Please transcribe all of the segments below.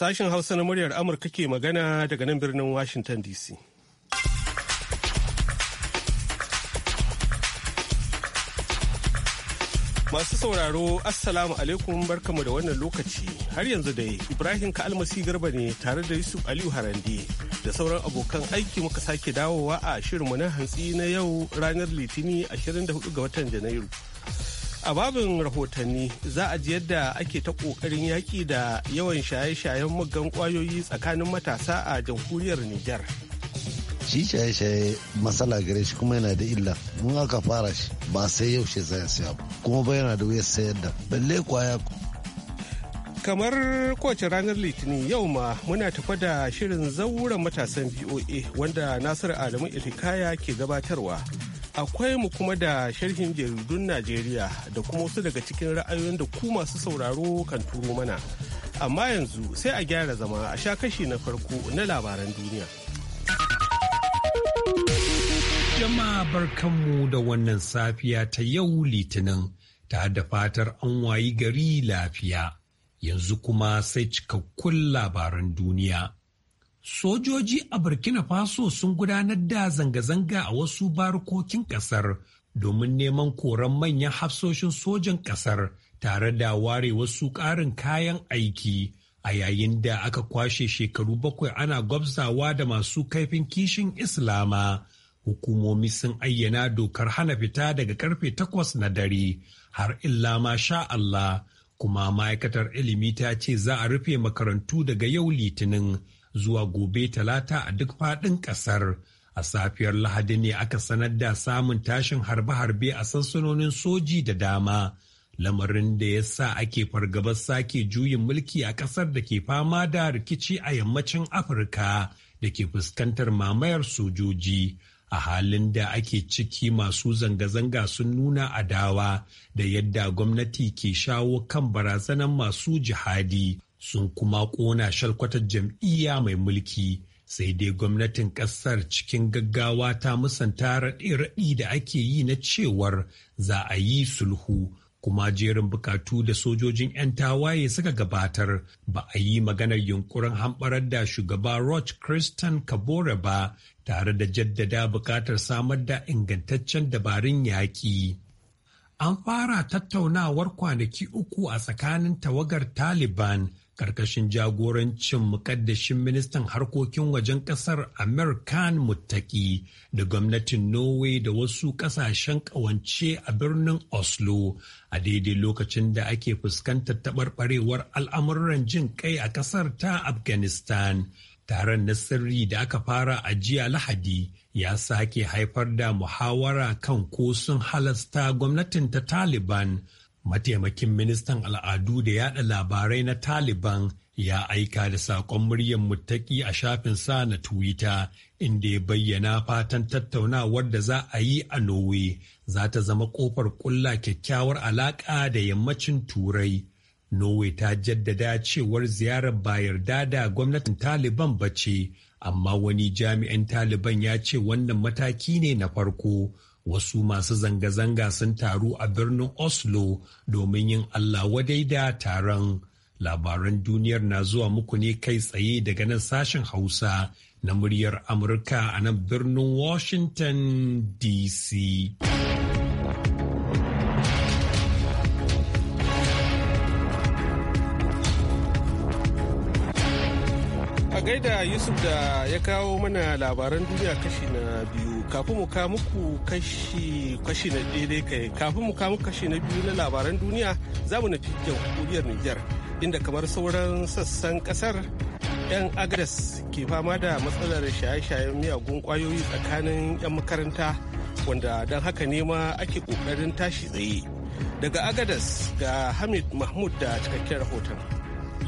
Sashen Hausa na muryar Amurka ke magana daga nan birnin Washington DC. Masu sauraro, Assalamu alaikum barkamu da wannan lokaci. Har yanzu dai Ibrahim Ka'almasi Garba ne tare da Yusuf Aliyu Harande da sauran abokan aiki muka sake dawowa a shirinmu na hantsi na yau ranar Litini 24 ga watan Janairu. a babin rahotanni za a ji yadda ake ta kokarin yaƙi da yawan shaye-shayen muggan kwayoyi tsakanin matasa a jamhuriyar Nijar. shi shaye-shaye matsala gare shi kuma yana da illa mun aka fara shi ba sai yau shi zai saya ba kuma ba yana da wuyar sayar da balle kwaya kamar kowace ranar litinin yau ma muna tafa da shirin zauren matasan BOA, wanda nasiru adamu ilikaya ke gabatarwa akwai mu kuma da sharhin jaridun najeriya da kuma wasu daga cikin ra'ayoyin da ku masu sauraro kan turo mana amma yanzu sai a gyara zama a sha kashi na farko na labaran duniya jama'a barkanmu da wannan safiya ta yau litinin ta da fatar an wayi gari lafiya yanzu kuma sai cikakkun labaran duniya Sojoji a Burkina Faso sun gudanar da zanga-zanga a wasu barkokin ƙasar domin neman koran manyan hafsoshin sojan ƙasar tare da ware wasu ƙarin kayan aiki a yayin da aka kwashe shekaru bakwai ana gwabzawa da masu kaifin kishin Islama. hukumomi sun ayyana dokar hana fita daga karfe takwas na dare har illa ma sha Allah kuma ma'aikatar ilimi ta ce za a rufe makarantu daga yau litinin zuwa gobe talata a duk faɗin ƙasar. A safiyar Lahadi ne aka sanar da samun tashin harbe-harbe a sansanonin soji da dama, lamarin da ya sa ake fargabar sake juyin mulki a ƙasar da ke fama da rikici a yammacin Afirka da ke fuskantar mamayar sojoji. a halin da ake ciki masu zanga-zanga sun nuna adawa da yadda gwamnati ke shawo kan barazanar masu jihadi sun kuma ƙona shalkwatar jam'iyya mai mulki sai dai gwamnatin ƙasar cikin gaggawa ta musanta raɗe-raɗi da ake yi na cewar za a yi sulhu kuma jerin bukatu da sojojin 'yan tawaye suka gabatar ba a yi maganar yunkurin hamɓarar da shugaba roch christian kabore ba tare da jaddada bukatar samar da ingantaccen dabarun yaƙi an fara tattaunawar kwanaki uku a tsakanin tawagar taliban karkashin jagorancin mukaddashin ministan harkokin wajen kasar American Muttaki da gwamnatin Norway da wasu kasashen kawance a birnin Oslo a daidai lokacin da ake fuskantar taɓarɓarewar al'amuran jin kai a kasar ta Afghanistan. Taron na sirri da aka fara a jiya Lahadi ya sake haifar da muhawara kan ko sun halasta gwamnatin ta Taliban mataimakin ministan al'adu da yada labarai na taliban ya aika da saƙon muryar muttaki a shafin sa na twitter inda ya bayyana fatan tattaunawar da za a yi a norway za ta zama ƙofar ƙulla kyakkyawar alaƙa da yammacin turai norway ta jaddada cewar ziyarar bayar yarda gwamnatin taliban ba ce amma wani jami'in taliban ya ce wannan mataki ne na farko wasu masu zanga-zanga sun taru a birnin oslo domin yin allah wadai da taron labaran duniyar na zuwa muku ne kai tsaye daga nan sashen hausa na muryar amurka a nan birnin washington dc a gaida Yusuf da ya kawo mana labaran duniya kashi na biyu kafin mu kawo muku kashi na daidai kai kafin mu kawo kashi na biyu na labaran duniya za mu nufi jamhuriyar Nijar inda kamar sauran sassan kasar 'yan agadas ke fama da matsalar shaye-shayen miyagun kwayoyi tsakanin 'yan makaranta wanda don haka ne ma ake kokarin tashi tsaye daga agadas ga hamid mahmud da cikakken rahoton.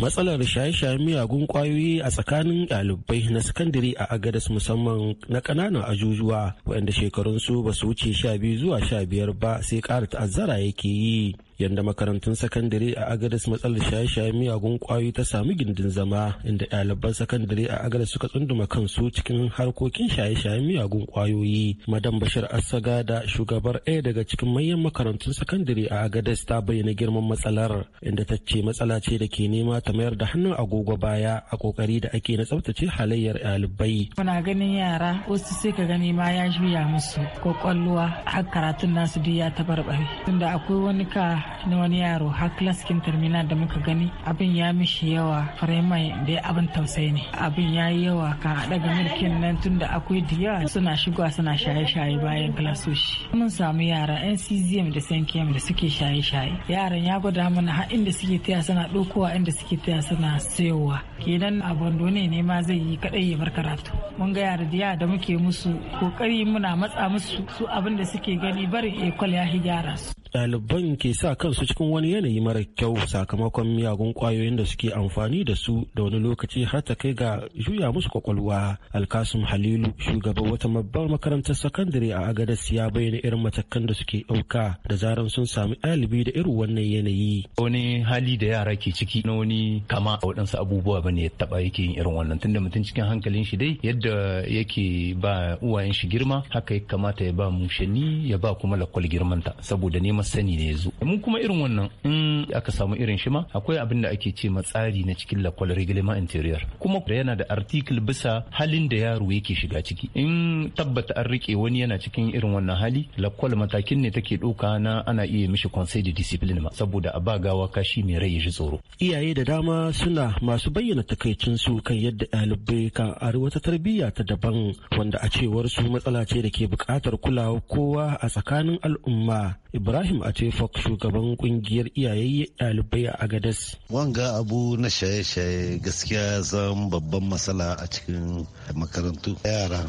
matsalar shaye-shayen miyagun kwayoyi a tsakanin ɗalibai na sakandare a agadas musamman na ƙananan ajujuwa waɗanda shekarunsu ba su wuce sha biyu zuwa sha biyar ba sai ƙara ta'azzara yake yi yadda makarantun sakandare a agadas matsalar shaye-shaye miyagun kwayoyi ta sami gindin zama inda ɗaliban sakandare a agadas suka tsunduma kansu cikin harkokin shaye-shaye miyagun kwayoyi madam bashir assaga da shugabar ɗaya daga cikin manyan makarantun sakandare a agadas ta bayyana girman matsalar inda ta ce matsala ce da ke nema ta mayar da hannun agogo baya a kokari da ake na tsabtace halayyar ɗalibai. muna ganin yara wasu sai ka gani ma ya juya musu ko kwakwalwa har karatun nasu duk ya tabarbare tunda akwai wani ka na wani yaro har cikin terminal da muka gani abin ya mishi yawa firamai da abin tausayi ne abin ya yi yawa ka haɗa ga mulkin nan tun da akwai diya suna shigowa suna shaye-shaye bayan klasoshi mun samu yara nccm da sankiyam da suke shaye-shaye yaran ya gwada mana har inda suke taya suna ɗaukowa inda suke taya suna sayowa kenan abando ne ne ma zai yi kaɗai ya bar karatu mun ga yara diya da muke musu kokari muna matsa musu su abin da suke gani barin ekol ya gyara su ɗaliban ke sa kansu cikin wani yanayi mara kyau sakamakon miyagun kwayoyin da suke amfani da su da wani lokaci har ta kai ga juya musu kwakwalwa alkasum halilu shugaban wata babbar makarantar sakandare a agadas ya bayyana irin matakan da suke ɗauka da zaran sun sami ɗalibi da irin wannan yanayi wani hali da yara ke ciki na wani kama a waɗansu abubuwa ba ne ya taɓa yake yin irin wannan tunda mutum cikin hankalin shi dai yadda yake ba uwayen shi girma haka ya kamata ya ba mushani ya ba kuma lakwal girmanta saboda neman sani ne zo mun kuma irin wannan in aka samu irin shi ma akwai abin da ake ce tsari na cikin lakwal reglement interior kuma da yana da article bisa halin da yaro yake shiga ciki in tabbata an rike wani yana cikin irin wannan hali lakwal matakin ne take doka na ana iya mishi conseil de discipline saboda a ba gawa kashi mai rai shi tsoro iyaye da dama suna masu bayyana takaicin su kan yadda ɗalibai kan ari wata tarbiyya ta daban wanda a cewar su matsala ce da ke buƙatar kulawa kowa a tsakanin al'umma Ibrahim Fok shugaban kungiyar iyayen ɗalibai a Agadas. Wanga abu na shaye-shaye gaskiya zan babban matsala a cikin makarantu. Yara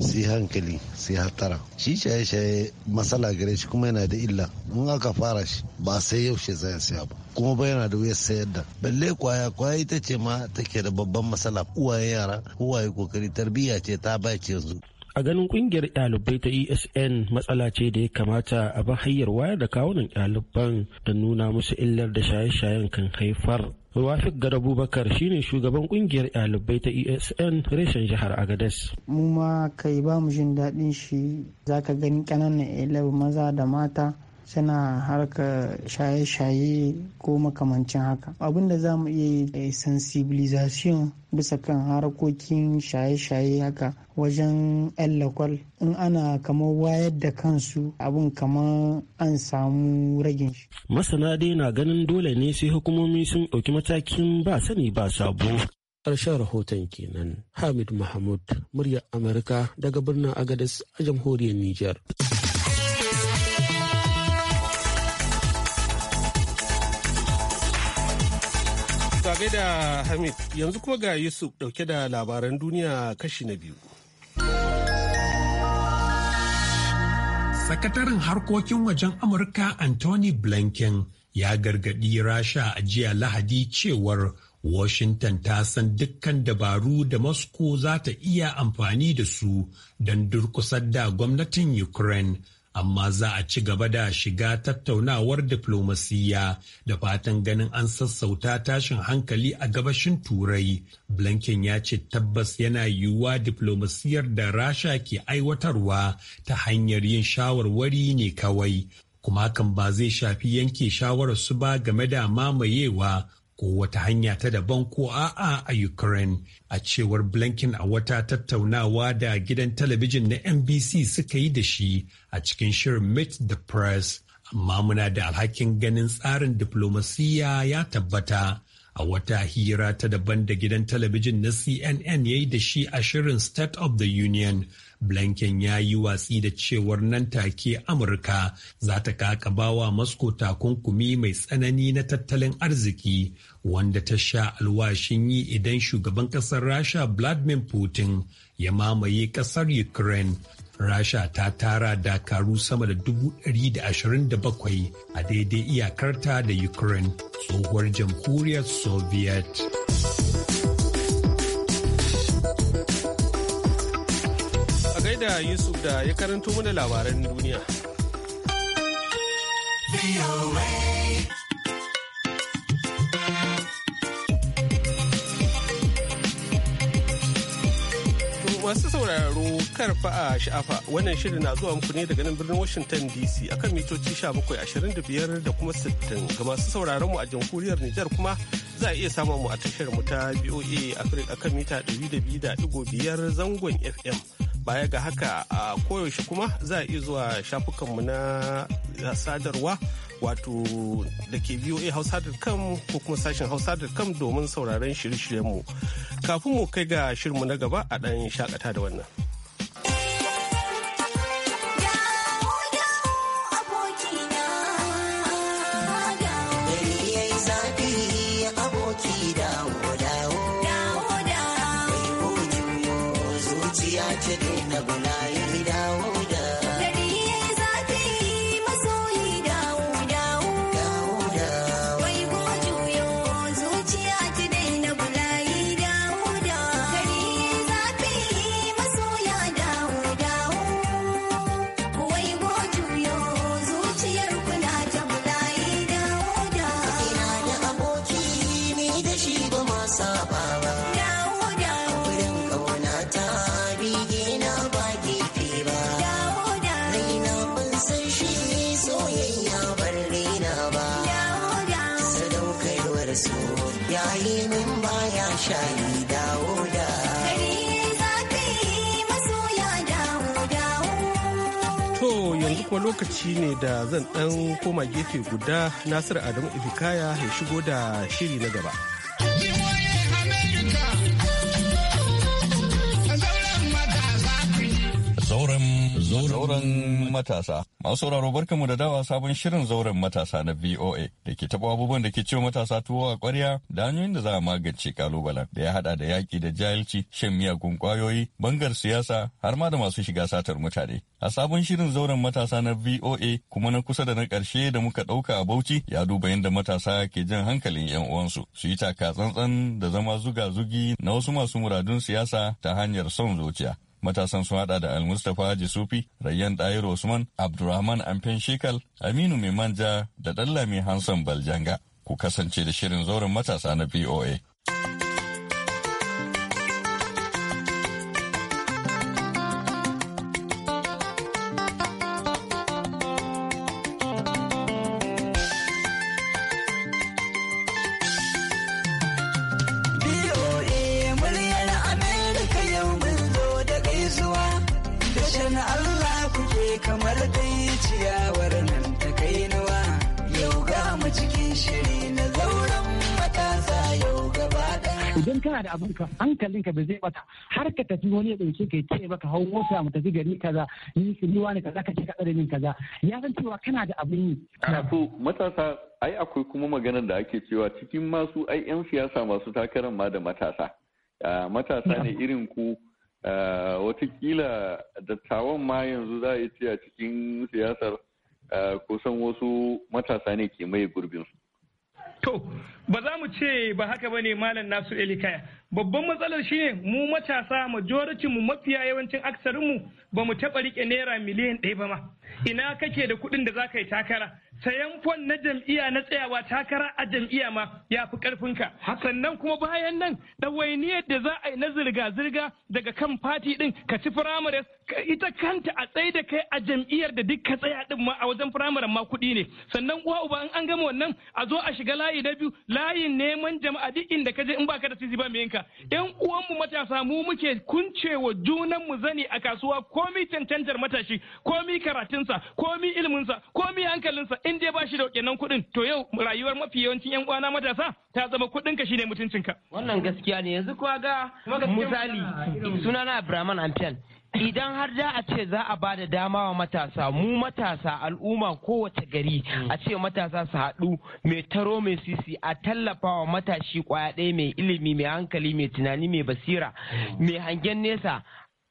sai hankali sai hatara. Shi shaye-shaye matsala gare shi kuma yana da illa. In aka fara shi ba sai yaushe zai siya ba. Kuma ba yana da wuyar sayar da. Balle kwaya kwaya ita ce ma take da babban matsala. Uwaye yara, uwaye kokari tarbiyya ce ta bace yanzu. a ganin kungiyar ɗalibai ta esn matsala ce da ya kamata a bi hanyar wayar da kawunan ɗaliban da nuna musu illar da shaye-shayen kan haifar Wafik Gada Abubakar shine shugaban kungiyar ɗalibai ta ESN reshen jihar Agadez. Mu ma kai ba mu jin daɗin shi zaka gani kananan 11 maza da mata suna harka shaye-shaye ko makamancin haka abin da za mu iya yi sensibilization bisa kan harkokin shaye-shaye haka wajen yan lakwal in ana kamar wayar da kansu abin kamar an samu ragin shi masana dai na ganin dole ne sai hukumomi sun ɗauki matakin ba sani ba sabo ƙarshen rahoton kenan hamid mahmud murya amurka daga birnin agadis a jamhuriyar nijar. da Hamid yanzu kuma ga Yusuf dauke da labaran duniya kashi na biyu. Sakataren harkokin wajen Amurka Anthony Blinken ya gargadi Rasha a jiya Lahadi cewar Washington ta san dukkan dabaru da Moscow za ta iya amfani da su don durkusar da gwamnatin Ukraine. amma za a ci gaba da shiga tattaunawar diflomasiyya da fatan ganin an sassauta tashin hankali a gabashin turai blinken ya ce tabbas yana yiwuwa diflomasiyyar da rasha ke aiwatarwa ta hanyar yin shawarwari ne kawai kuma hakan ba zai shafi yanke shawarar su ba game da mamayewa ko wata hanya ta daban ko a'a a Ukraine a cewar Blinken a wata tattaunawa da gidan talabijin na NBC suka yi da shi a cikin shirin Meet the Press. Amma muna da alhakin ganin tsarin diplomasiya ya tabbata a wata hira ta daban da gidan talabijin na CNN ya yi da shi a shirin State of the Union blinken ya yi watsi da cewar nan take amurka za ta kakabawa moscow takunkumi mai tsanani na tattalin arziki wanda ta sha alwashin yi idan shugaban kasar rasha vladimir putin ya mamaye kasar ukraine rasha ta tara dakaru sama da 127 a daidai iyakarta da ukraine tsohuwar jamhuriyar soviet da Yusuf da ya karanto mana labaran duniya. masu sauraro karfa a sha'afa wannan shirin na zuwa muku ne daga nan birnin washington dc akan mitoci 1725 da kuma 60 ga masu sauraron mu a jamhuriyar nijar kuma za a iya samun mu a tashar mu ta boa africa kan mita 200.5 zangon fm baya ga haka a koyaushe kuma za a iya zuwa shafukanmu na sadarwa wato da ke voa hausa.com ko kuma sashen hausa.com domin sauraron shirye-shiryenmu kafin mu kai ga shirinmu na gaba a ɗan shakata da wannan. kuma lokaci ne da zan ɗan koma gefe guda Nasiru Adamu Ifikaya ya shigo da shiri na gaba. Zauren matasa. Masu sauraro mu da dawa sabon shirin zauren matasa na VOA da ke taɓa abubuwan da ke ciwo matasa tuwo a ƙwarya da hanyoyin da za a magance kalubalen da ya haɗa da yaƙi da jahilci, shan miyagun ƙwayoyi, bangar siyasa har ma da masu shiga satar mutane. A sabon shirin zauren matasa na VOA kuma na kusa da na ƙarshe da muka ɗauka a Bauchi ya duba yadda matasa ke jan hankalin 'yan uwansu su yi taka tsantsan da zama zuga-zugi na wasu masu muradun siyasa ta hanyar son zuciya. matasan sun hada da almustapha haji sufi rayyan dayar usman abdurrahman amfen shekal aminu mai manja da ɗalla mai baljanga ku kasance da shirin zauren matasa na voa mijin ka bai zai har ka tafi wani ya dauke ka ce ka hau mota mu tafi gari kaza ni su ni wani kaza ka ce ka min kaza ya san cewa kana da abin yi to matasa ai akwai kuma maganar da ake cewa cikin masu ai yan siyasa masu takarar ma da matasa matasa ne irin ku watakila dattawan ma yanzu za a a cikin siyasar kusan wasu matasa ne ke mai gurbinsu To, ba za mu ce ba haka ba ne Malam Nasu Elikaya. Babban matsalar shi ne mu matasa majoricin mu mafiya yawancin aksarin mu ba mu taɓa rike naira miliyan ɗaya ba ma. Ina kake da kuɗin da za yi takara? Sayan fon na jam'iyya na tsayawa takara a jam'iyya ma ya fi ƙarfinka. Sannan kuma bayan nan ɗawainiyar da za a yi na zirga-zirga daga kan fati ɗin ka ci firamares ita kanta a tsaye da kai a jam'iyyar da duk ka tsaya din ma a wajen firamaren ma kuɗi ne sannan uwa uba in an gama wannan a zo a shiga layi na biyu layin neman jama'a duk inda ka je in baka da sisi ba mai yanka yan uwanmu matasa mu muke kuncewa junan mu zani a kasuwa komi cancantar matashi komi karatunsa komi iliminsa komi hankalinsa in dai ba shi da nan kuɗin to yau rayuwar mafi yawancin yan uwana matasa ta zama kuɗin ka shine mutuncinka wannan gaskiya ne yanzu kuwa ga misali sunana Abraman Ampian idan har da a ce za a ba da dama wa matasa mu matasa al'umma kowace gari mm. a ce matasa su haɗu mai taro mai sisi a tallafa wa matashi kwaya ɗaya mai ilimi mai hankali mai tunani mai basira mm. mai hangen nesa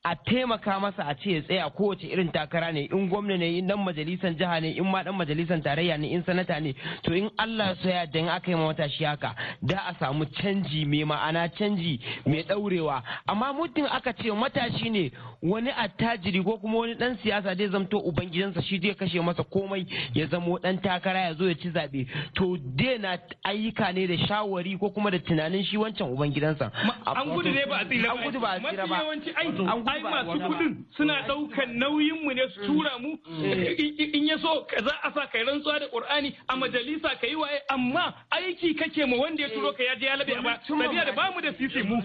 a taimaka masa a ce ya tsaya kowace irin takara ne in gwamna ne in dan majalisan jiha ne in ma dan majalisan tarayya ne in sanata ne to in Allah so ya dan aka yi ma shi haka da a samu canji mai ma'ana canji mai daurewa amma muddin aka ce matashi ne wani attajiri ko kuma wani dan siyasa zai zamto ubangidansa shi zai kashe masa komai ya zamo dan takara ya zo ya ci zabe to dai na ayyuka ne da shawari ko kuma da tunanin shi wancan ubangidansa an gudu ne ba a tsira ba an gudu ba a tsira ba ai masu kudin suna daukan nauyin mu ne su mm. tura mu mm. in ya so za a sa kai rantsuwa da qur'ani a mm. majalisa ka yi waye amma aiki kake mu wanda ya turo ka ya je ya labe ba sabiya da bamu da fifi mu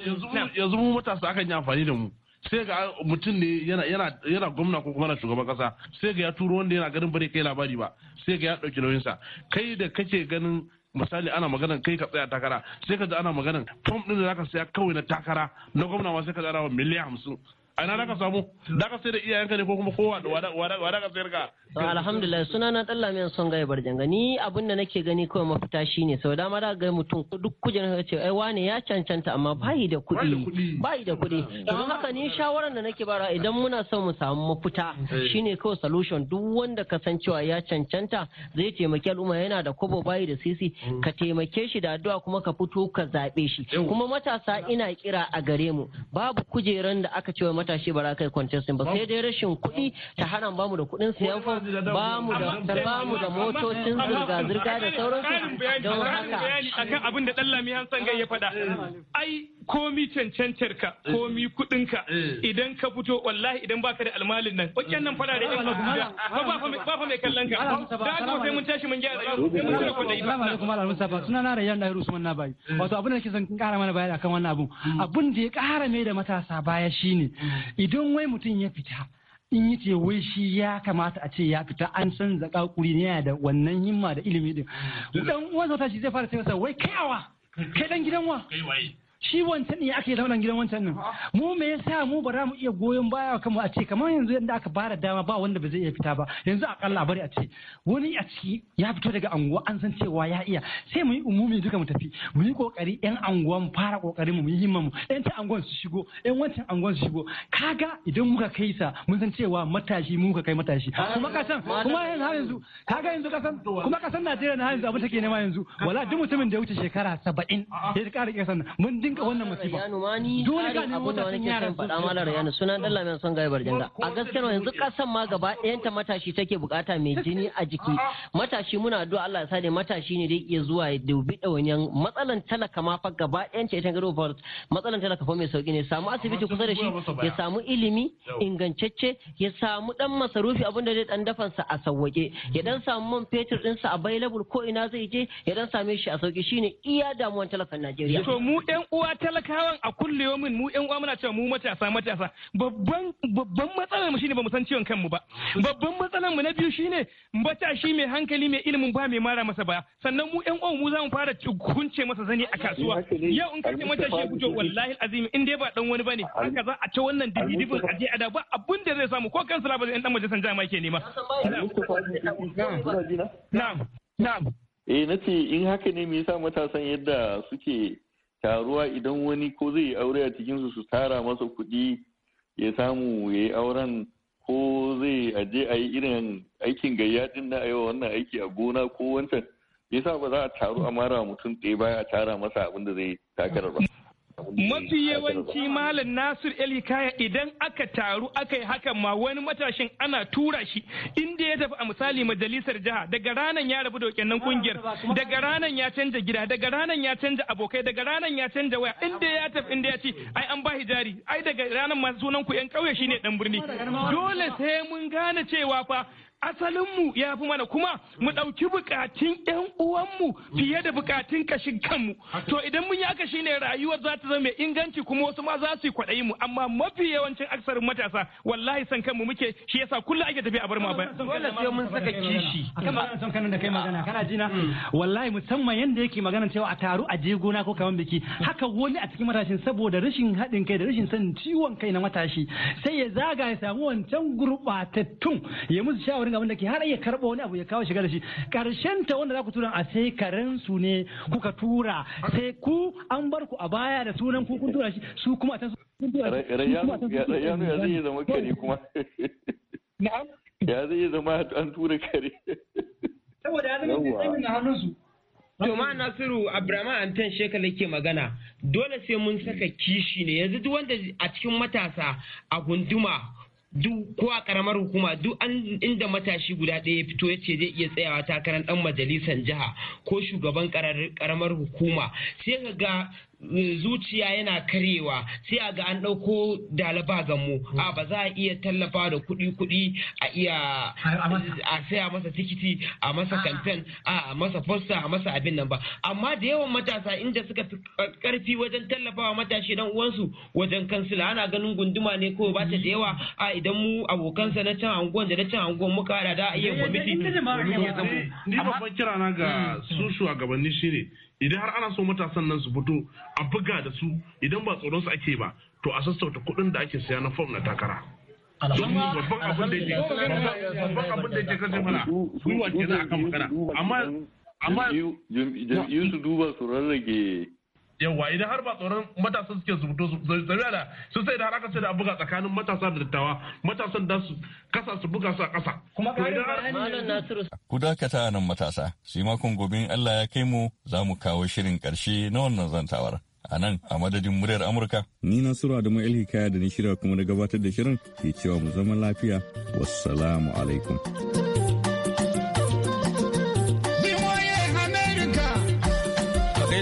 yanzu mu matasa akan yi amfani da mu sai ga mutum ne yana gwamna ko kuma na shugaban kasa sai ga ya turo wanda yana ganin bare kai labari ba sai ga ya dauki nauyinsa kai da kake ganin misali ana maganan kai ka tsaya takara sai ka ji ana maganan fom din da zaka saya kawai na takara na gwamna ma sai ka tsara wa miliyan hamsin a ina ka samu da ka sai da iyayenka ne ko kuma kowa da wada ka sayar ka alhamdulillah suna na dan mai son gaya barjanga ni abin da nake gani kawai mafita shine sau dama da ga mutum duk kujerar ka ce ai wane ya cancanta amma bayi da kuɗi bayi da kuɗi ah. don haka ni shawaran da nake bara idan muna son mu samu mafita eh. shine kawai solution duk wanda ka san cewa ya cancanta zai taimaki al'umma yana da kobo bayi da sisi hmm. ka taimake shi da addu'a kuma ka fito ka zaɓe shi kuma matasa ina kira a gare mu babu kujeran da aka ce matashi ba za kwanciyar sun ba sai dai rashin kuɗi ta hana ba mu da kuɗin siyan fa ba mu da motocin zirga zirga da sauransu don haka akan abin da dallami hansan gai ya faɗa ai komi cancantar ka komi kuɗin ka eh. idan ka fito wallahi idan baka da almalin nan wakilan nan fara da yan abuja ba fa mai kallon ka da haka sai mun tashi mun gyara yau mun tura kuɗi ba suna na rayuwar da Usman Nabai eh. wato abin da nake son kara mana bayani akan wannan abun hmm. abin da ya kara mai da matasa baya shine idan wai mutum ya fita in yi ce wai shi ya kamata a ce ya fita an san zaka kuri ne da wannan himma da ilimi din dan uwansa shi zai fara sai wai kaiwa kai dan gidan wa shi wancan ne ake zaunan gidan wancan nan mu me yasa mu ba za mu iya goyon baya kanmu a ce kamar yanzu yadda aka bara dama ba wanda ba zai iya fita ba yanzu akalla bari a ce wani a ciki ya fito daga anguwa an san cewa ya iya sai mu yi umumi duka mu tafi mu yi kokari yan anguwa mu fara kokarin mu yi himma mu yan ta anguwan su shigo yan wancan anguwan su shigo kaga idan muka kai sa mun san cewa matashi mu ka kai matashi ah, kuma ka san kuma yanzu kaga yanzu ka san kuma ka san Najeriya na yanzu abin take nema yanzu ah. wala duk mutumin da ya wuce shekara 70 ah. ya ƙara ƙasar nan mun dinka wannan masifa dole ka sun yara sun faɗa malar yana sunan dan lamin son gaya barjinda a gaskiya yanzu kasan ma gaba ɗayan ta matashi take bukata mai jini a jiki matashi muna addu'a Allah ya sa matashi ne da yake zuwa ya dubi ɗawanyan matsalan talaka ma fa gaba ɗayan ta ita gado fa matsalan talaka fa mai sauki ne samu asibiti kusa da shi ya samu ilimi ingantacce ya samu dan masarufi abin da zai dan sa a sawwake ya dan samu man fetur sa a available ko ina zai je ya dan same shi a sauki shine iya damuwan talakan Najeriya to mu ɗan uwa talakawan a yomin mu yan uwa muna cewa mu matasa matasa babban babban matsalar mu shine bamu san ciwon kanmu ba babban matsalar mu na biyu shine matashi mai hankali mai ilimin ba mai mara masa ba sannan mu yan uwa mu za mu fara kunce masa zani a kasuwa yau in kace matashi ya gujo wallahi azimi in dai ba dan wani bane haka za a ci wannan dibin a je a da ba abun da zai samu ko sala ba zai dan majalisar jama'a ke nema na'am na'am eh nace in haka ne me yasa matasan yadda suke taruwa idan wani ko zai yi aure a cikinsu su tara masa kuɗi ya samu ya yi auren ko zai aje a yi irin aikin gayya din na yau wannan aiki a gona ko wancan ya sa ba za a taru a mara mutum ɗaya baya a tara masa abin da zai takarar ba. mafi yawanci malam nasir elikaya idan aka taru aka yi hakan ma wani matashin ana tura shi inda ya tafi a misali majalisar jiha daga ranan ya rabu da wakilan kungiyar daga ranan ya canja gida daga ranan ya canja abokai daga ranan ya canja waya inda ya tafi inda ya ce ai an ba jari ai daga ranan masu sunan ku yan kauye shine dan birni dole sai mun gane cewa fa asalinmu ya fi mana kuma mu ɗauki bukatun 'yan uwanmu fiye da bukatun kashin kanmu to idan mun yi haka shine rayuwar za ta zama mai inganci kuma wasu ma za su yi mu amma mafi yawancin aksarin matasa wallahi san kanmu muke shi yasa kullum ake tafiya a bar ma ba dole sai mun saka kishi kana san kanin da kai magana kana ji na hmm. wallahi musamman yanda yake magana cewa a taro a je gona ko kaman biki haka wani a cikin matashin saboda rashin haɗin kai da rashin sanin ciwon kai na matashi sai ya zaga ya samu wancan gurɓatattun ya musu shawarin ga wanda ke har iya karɓo wani abu ya kawo shiga da shi karshen ta wanda za ku tura a sai karen su ne kuka tura sai ku an bar ku a baya da sunan ku kun tura shi su kuma a su Rayanu ya zai zama kare kuma. Ya zai zama an tura kare. Saboda ya zama na hannunsu. To ma Nasiru Abrahama Shekala ke magana dole sai mun saka kishi ne yanzu duk wanda a cikin matasa a gunduma duk ko a karamar hukuma duk inda matashi guda ɗaya ya fito ya ce zai iya tsayawa takarar dan majalisar jiha ko shugaban karamar hukuma sai ka ga zuciya yana karewa sai a ga an ɗauko dalaba mu a ba za a iya tallafa da kuɗi kuɗi a iya a saya masa tikiti a masa kamfen a masa fosta a masa abin nan ba amma da yawan matasa inda suka fi karfi wajen tallafawa matashi dan uwansu wajen kansila ana ganin gunduma ne ko ba ta da yawa a idan mu abokansa na can anguwan da na can anguwan muka hada da a iya kwamiti. Ni babban kira na ga su shugabanni shine idan har ana so matasan nan su fito a buga da su idan ba tsoron su ake ba to a sassauta kuɗin da ake siya na fom na takara domin su duba rage yawa idan har ba tsoron matasan suke zubuto zabiya da su sai da har aka sai da a buga tsakanin matasa da dattawa matasan da su kasa su buga su a kasa. Kuma Ku dakata nan matasa, sai makon gobe Allah ya kai mu za mu kawo shirin karshe na wannan zantawar. a nan a madadin muryar Amurka. Ni Nasiru Adamu Hikaya da na shirya kuma na gabatar da shirin ke cewa mu zama lafiya. Wassalamu alaikum.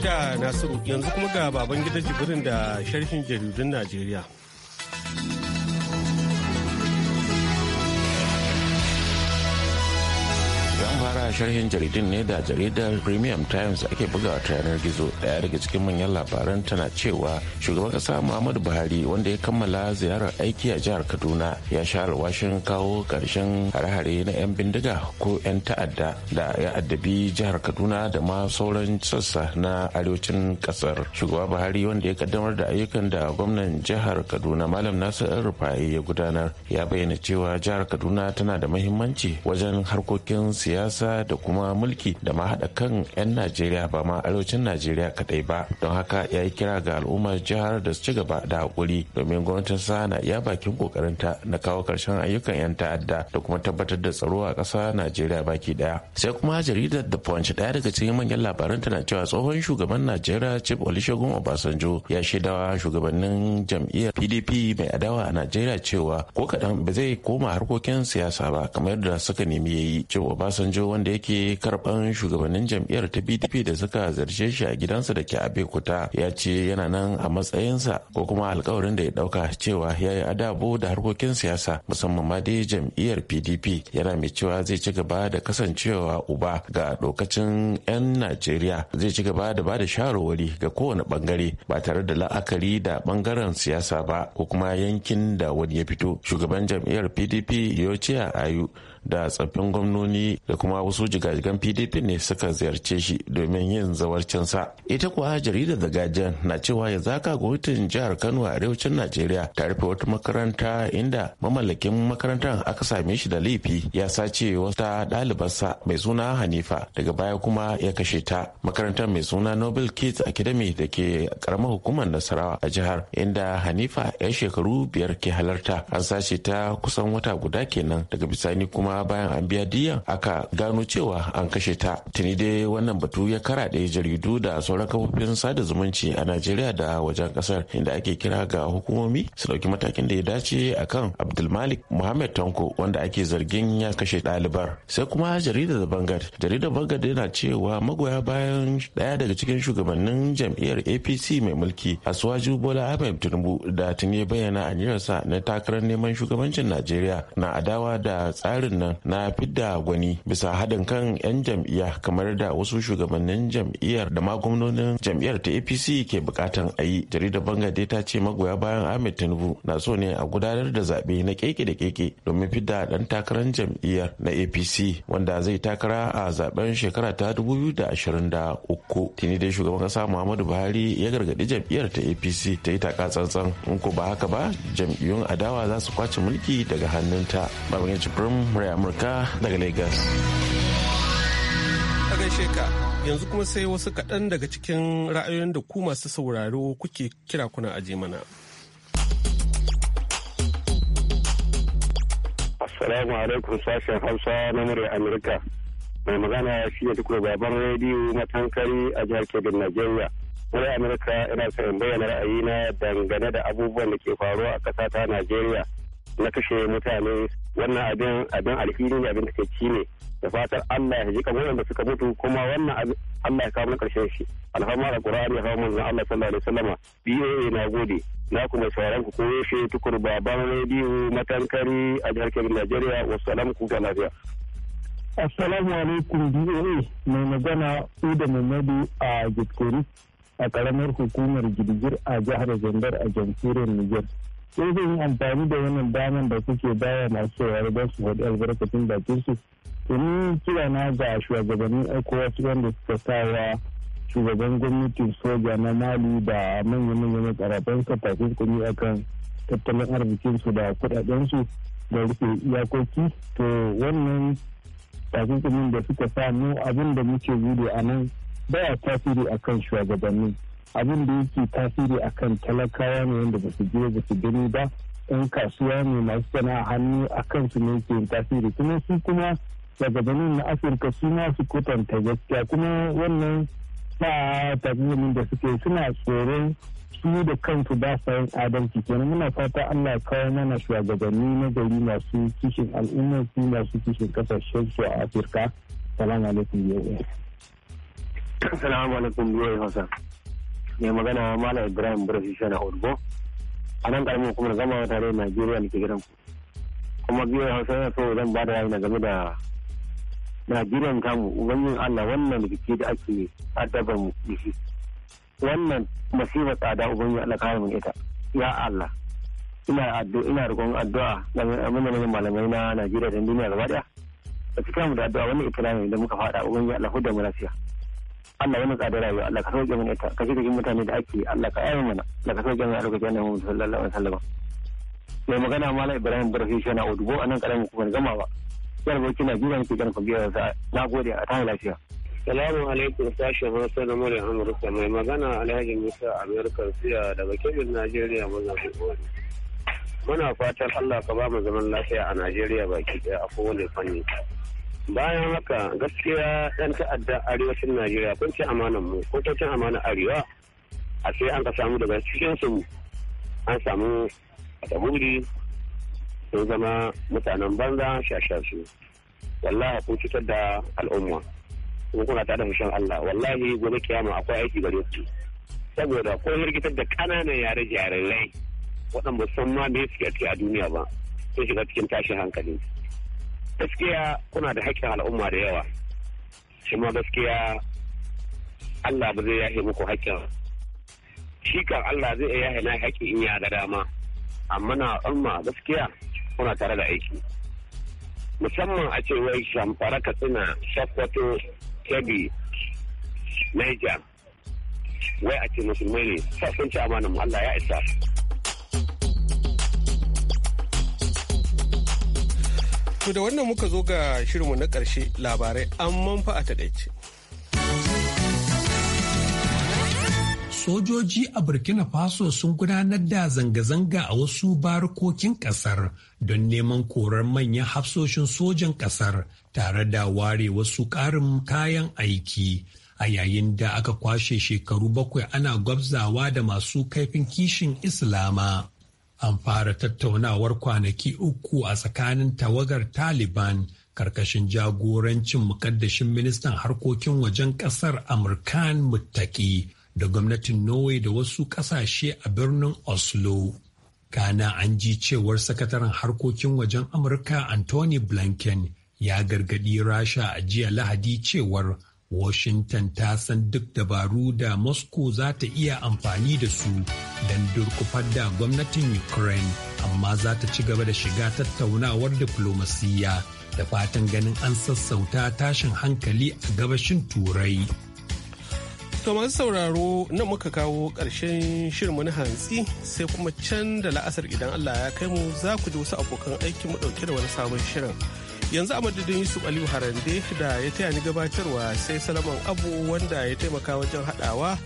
da Nasiru yanzu kuma ga baban gida jibirin da sharhin jaridun Najeriya. fara sharhin jaridun ne da jaridar premium times ake bugawa ta yanar gizo daya daga cikin manyan labaran tana cewa shugaban kasa muhammadu buhari wanda ya kammala ziyarar aiki a jihar kaduna ya sha alwashin kawo karshen hare-hare na 'yan bindiga ko 'yan ta'adda da ya addabi jihar kaduna da ma sauran sassa na arewacin kasar shugaba buhari wanda ya kaddamar da ayyukan da gwamnan jihar kaduna malam nasir rufai ya gudanar ya bayyana cewa jihar kaduna tana da mahimmanci wajen harkokin siyasa da kuma mulki da ma haɗa kan 'yan najeriya ba ma arewacin najeriya kaɗai ba don haka ya yi kira ga al'ummar jihar da su ci gaba da haƙuri domin gwamnatin sa na iya bakin ƙoƙarinta na kawo ƙarshen ayyukan 'yan ta'adda da kuma tabbatar da tsaro a ƙasa najeriya baki ɗaya sai kuma jaridar da punch ɗaya daga cikin manyan labaran na cewa tsohon shugaban najeriya chief olusegun obasanjo ya shaidawa shugabannin jam'iyyar pdp mai adawa a najeriya cewa ko kaɗan ba zai koma harkokin siyasa ba kamar yadda suka nemi yayi cewa obasanjo wanda yake karban shugabannin jam'iyyar ta pdp da suka zarce shi a gidansa da ke abekuta ya ce yana nan a matsayinsa ko kuma alkawarin da ya dauka cewa ya yi adabo da harkokin siyasa musamman ma dai jam'iyyar pdp yana mai cewa zai ci gaba da kasancewa uba ga dokacin 'yan najeriya zai ci gaba da ba da shawarwari ga kowane bangare ba tare da la'akari da bangaren siyasa ba ko kuma yankin da wani ya fito shugaban jam'iyyar pdp ce a ayu da tsaffin gwamnoni da kuma wasu jigajigan pdp ne suka ziyarce shi domin yin zawarcinsa ita kuwa jaridar da gajen na cewa ya zaka gwamnatin jihar kano a arewacin najeriya ta rufe wata makaranta inda mamallakin makarantar aka same shi da laifi ya sace wata ɗalibarsa mai suna hanifa daga baya kuma ya kashe ta makarantar mai suna nobel kids academy da ke karamar hukumar nasarawa a jihar inda hanifa ya shekaru biyar ke halarta an sace ta kusan wata guda kenan daga bisani kuma kuma bayan an biya diya aka gano cewa an kashe ta tuni dai wannan batu ya kara da jaridu da sauran kafofin sada zumunci a najeriya da wajen kasar inda ake kira ga hukumomi su dauki matakin da ya dace akan abdulmalik muhammad tanko wanda ake zargin ya kashe ɗalibar sai kuma jaridar bangar jaridar bangar yana cewa magoya bayan ɗaya daga cikin shugabannin jam'iyyar apc mai mulki asuwaju bola ahmed tinubu da tuni ya bayyana aniyarsa na takarar neman shugabancin najeriya na adawa da tsarin nan na fidda gwani bisa haɗin kan 'yan jam'iyya kamar da wasu shugabannin jam'iyyar da ma gwamnonin jam'iyyar ta apc ke bukatan a yi jaridar bangade ta ce magoya bayan ahmed tinubu na so ne a gudanar da zaɓe na keke da keke domin fidda ɗan takarar jam'iyyar na apc wanda zai takara a zaben shekara ta 2023 tini dai shugaban ƙasa muhammadu buhari ya gargaɗi jam'iyyar ta apc ta yi taka tsantsan in ko ba haka ba jam'iyyun adawa za su kwace mulki daga hannunta babban jibrin amurka daga lagos a ka yanzu kuma sai wasu kaɗan daga cikin ra'ayoyin da ku masu sauraro kuke kira kuna aje mana asalamu alaikum sashen Hausa na murya Amurka. Mai magana shi ne tukur babban rediyo na tankari a jihar kebin Najeriya. wani Amurka ina sanin bayyana ra'ayi na dangane da abubuwan da ke faruwa a ƙasa ta Najeriya na kashe mutane wannan abin abin alfini ne abin takaici ne da fatar Allah ya jika waɗanda suka mutu kuma wannan Allah ya kawo karshen shi alhamma da qur'ani ya kawo manzon Allah sallallahu alaihi wasallama biye na gode na kuma sauran ku koyo shi tukur baban rediyo matankari a jihar Kebbi Najeriya wassalam ku ga lafiya Assalamu alaikum biye mai magana Uda Mamadu a Jitkori a karamar hukumar Girgir a jihar Zandar a jamhuriyar Nijar. sai zai yi amfani da wannan damar da suke bayar na cewa don su faɗi albarkacin da su kuma kira na ga shugabannin su wanda suka sawa shugaban gwamnatin soja na mali da manya-manyan matsaraban sa a akan tattalin arzikinsu da kudadensu da rufe iyakoki to wannan takunkumin da suka samu abin da muke gudu a nan baya tasiri akan shugabannin abin da yake tasiri akan talakawa ne wanda basu je ba gani ba yan kasuwa ne masu sana'a hannu a kansu ne yake tasiri kuma su kuma shugabannin na afirka su ma su kwatanta gaskiya kuma wannan sa tafiyanin da suke suna tsoron su da kansu ba sa yin adalci kenan muna fata allah kawo mana shugabanni na gari masu kishin al'umma su masu kishin kasashen su a afirka salamu alaikum yau alaikum yau mai magana malam ibrahim burfi shana urbo a nan karamin hukumar gama tare najeriya ke gidan kuma biyu hausa yana so zan ba da rayuna game da najeriyan kamu ubangin allah wannan rikici da ake addaba mu da wannan masifar tsada ubangin allah kare mun ita ya allah ina addu'a ina roƙon addu'a ga manyan malamai na najeriya da duniya gaba ɗaya. a cikin mu da addu'a wannan ibtila'i da muka faɗa ubangin allah hudu mu lafiya Allah wani tsada rayuwa Allah ka sauke mana ita ka shi mutane da ake Allah ka ayyana mana Allah ka sauke mana a lokacin annabi Muhammad sallallahu alaihi wasallam mai magana mallam Ibrahim Barfi shi na Odubo anan karamin kuma gama ba yar boki na gidan ke ku biya sa na gode a tayi lafiya Salamu alaikum ma sallamu alaihi wa Amurka mai magana Alhaji Musa Amerika Siya daga Kebbi Najeriya Mozambique. Muna fatan Allah ka ba mu zaman lafiya a Najeriya baki daya a kowane fanni. bayan haka gaskiya yan ta'adda arewacin najeriya kun ci amanan mu kun ci amanan arewa a sai an ka samu daga cikin su an samu a atamuri sun zama mutanen banza shashashu wallahi kun cutar da al'umma kuma kuna da mushin Allah wallahi gobe kiyama akwai aiki gare ku saboda ko hirgitar da kananan yare jarirai waɗanda san ma me suke a duniya ba sun shiga cikin tashin hankali gaskiya kuna da haƙƙin al'umma da yawa shi ma gaskiya Allah ba zai yahe muku haƙƙin shi kan Allah zai yahe na haƙƙi in ya ga dama amma na al'umma gaskiya kuna tare da aiki musamman a ce wai shamfara katsina shakwato kebi niger wai a ce musulmai ne sun ci mu Allah ya isa To da wannan muka zo ga shirinmu na ƙarshe labarai an manfa a taɗaice. Sojoji a Burkina Faso sun gudanar da zanga-zanga a wasu barkokin ƙasar don neman korar manyan hafsoshin sojan ƙasar tare da ware wasu ƙarin kayan aiki. a yayin da aka kwashe shekaru bakwai ana gwabzawa da masu kaifin kishin Islama. an fara tattaunawar kwanaki uku a tsakanin tawagar Taliban karkashin jagorancin mukaddashin ministan harkokin wajen kasar Amurkan Muttaki da gwamnatin Norway da wasu kasashe a birnin Oslo. Kana an ji cewar sakataren harkokin wajen Amurka Anthony Blinken ya gargadi Rasha a jiya Lahadi cewar Washington ta san duk dabaru da Moscow za ta iya amfani da su don durkufar da gwamnatin Ukraine, amma za ta ci gaba da shiga tattaunawar diflomasiyya da fatan ganin an sassauta tashin hankali a gabashin Turai. To sauraro nan muka kawo ƙarshen shirinmu na hantsi sai kuma can da la'asar idan Allah ya kai mu za ku ji wasu abokan aiki mu ɗauke da wani sabon shirin. yanzu a madadin yusuf aliyu harande da ya taya ni gabatarwa sai salaman abu wanda ya taimaka wajen hadawa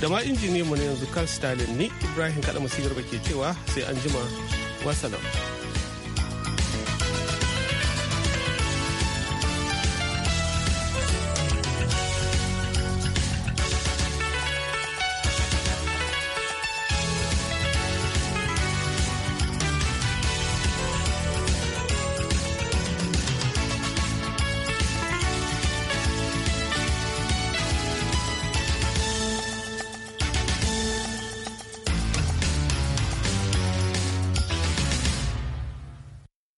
da ma injiniyanmu na yanzu carl stalin ni ibrahim kaɗa musigar ke cewa sai an jima wasalam.